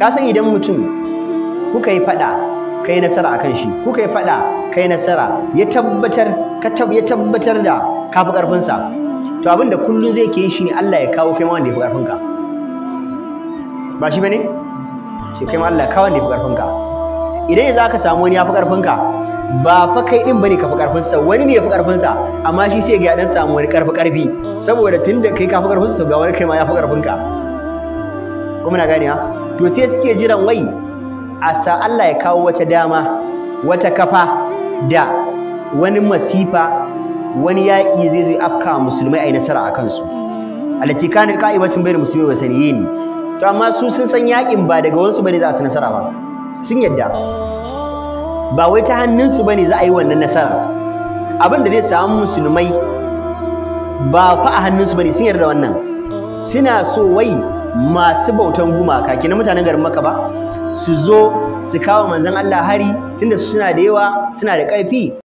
Kasan idan mutum kuka yi faɗa kai nasara akan shi kuka yi faɗa kai nasara ya tabbatar ka ya tabbatar da kafi karfin sa to abin da kullun zai ke yi shine Allah ya kawo kai ma wanda ya fi karfin ka ba shi bane sai kai ma Allah ya kawo wanda ya fi karfin ka idan yanzu aka samu wani ya fi karfin ka ba fa kai din bane ka fi karfin sa wani ne ya fi karfin sa amma shi sai ga dan samu wani karfi karfi saboda tunda kai ka fi karfin sa to ga wani kai ma ya fi karfin ka kuma na gani ha to sai suke jiran wai a sa Allah ya kawo wata dama wata kafa da wani masifa wani yaƙi zai zo afka musulmai ai nasara a kansu alati kana ka'ibatin musulmai ba, wa ne. to amma su sun san yaƙin ba daga wansu bane za a nasara ba sun yadda ba wai ta hannunsu bane za a yi wannan nasara abin da zai samu musulmai ba fa a hannunsu bane sun yarda wannan suna so wai masu bautan gumaka na mutanen garin maka ba su zo su kawo manzon Allah hari tunda suna da yawa suna da ƙarfi